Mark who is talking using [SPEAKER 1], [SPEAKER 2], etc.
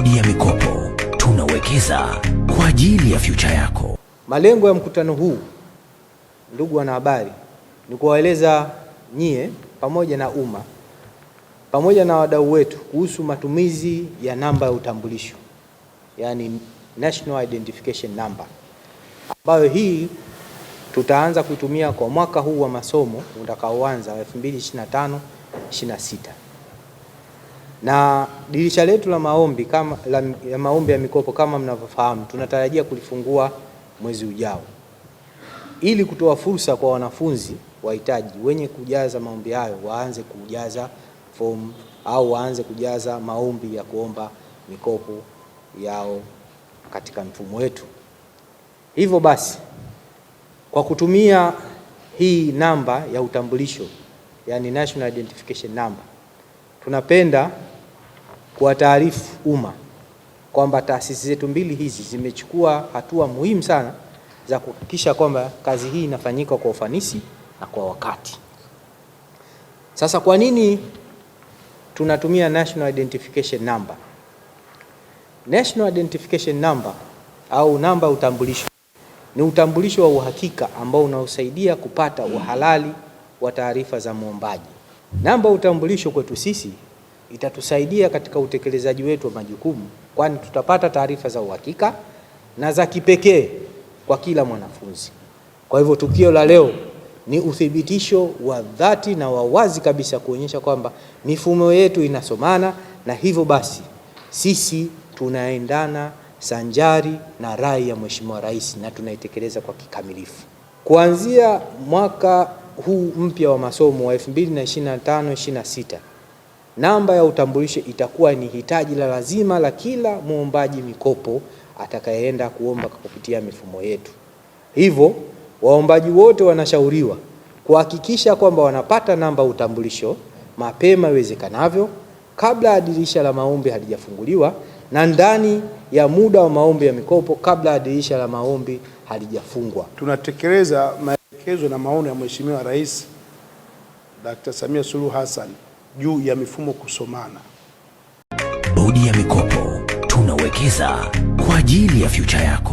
[SPEAKER 1] bodi ya mikopo tunawekeza kwa ajili ya future yako.
[SPEAKER 2] Malengo ya mkutano huu, ndugu wanahabari, ni kuwaeleza nyie pamoja na umma pamoja na wadau wetu kuhusu matumizi ya namba ya utambulisho, yani National Identification Number, ambayo hii tutaanza kutumia kwa mwaka huu wa masomo utakaoanza 2025 26 na dirisha letu la maombi kama la, ya maombi ya mikopo kama mnavyofahamu, tunatarajia kulifungua mwezi ujao ili kutoa fursa kwa wanafunzi wahitaji wenye kujaza maombi hayo waanze kujaza fomu au waanze kujaza maombi ya kuomba mikopo yao katika mfumo wetu. Hivyo basi, kwa kutumia hii namba ya utambulisho, yani national identification number, tunapenda kuwataarifu umma kwamba taasisi zetu mbili hizi zimechukua hatua muhimu sana za kuhakikisha kwamba kazi hii inafanyika kwa ufanisi na kwa wakati. Sasa kwa nini tunatumia National Identification Number? National Identification Number au namba ya utambulisho ni utambulisho wa uhakika ambao unaosaidia kupata uhalali wa taarifa za mwombaji. Namba ya utambulisho kwetu sisi itatusaidia katika utekelezaji wetu wa majukumu, kwani tutapata taarifa za uhakika na za kipekee kwa kila mwanafunzi. Kwa hivyo tukio la leo ni uthibitisho wa dhati na wa wazi kabisa kuonyesha kwamba mifumo yetu inasomana na hivyo basi sisi tunaendana sanjari na rai ya Mheshimiwa Rais na tunaitekeleza kwa kikamilifu. Kuanzia mwaka huu mpya wa masomo wa 2025/26 namba ya utambulisho itakuwa ni hitaji la lazima la kila muombaji mikopo atakayeenda kuomba kupitia mifumo yetu. Hivyo waombaji wote wanashauriwa kuhakikisha kwamba wanapata namba utambulisho mapema iwezekanavyo kabla ya dirisha la maombi halijafunguliwa na ndani ya muda wa maombi ya mikopo kabla ya dirisha la maombi halijafungwa.
[SPEAKER 3] Tunatekeleza maelekezo na maono ya Mheshimiwa Rais Dr. Samia Suluhu Hassan juu ya mifumo kusomana. Bodi ya mikopo tunawekeza kwa ajili ya future yako.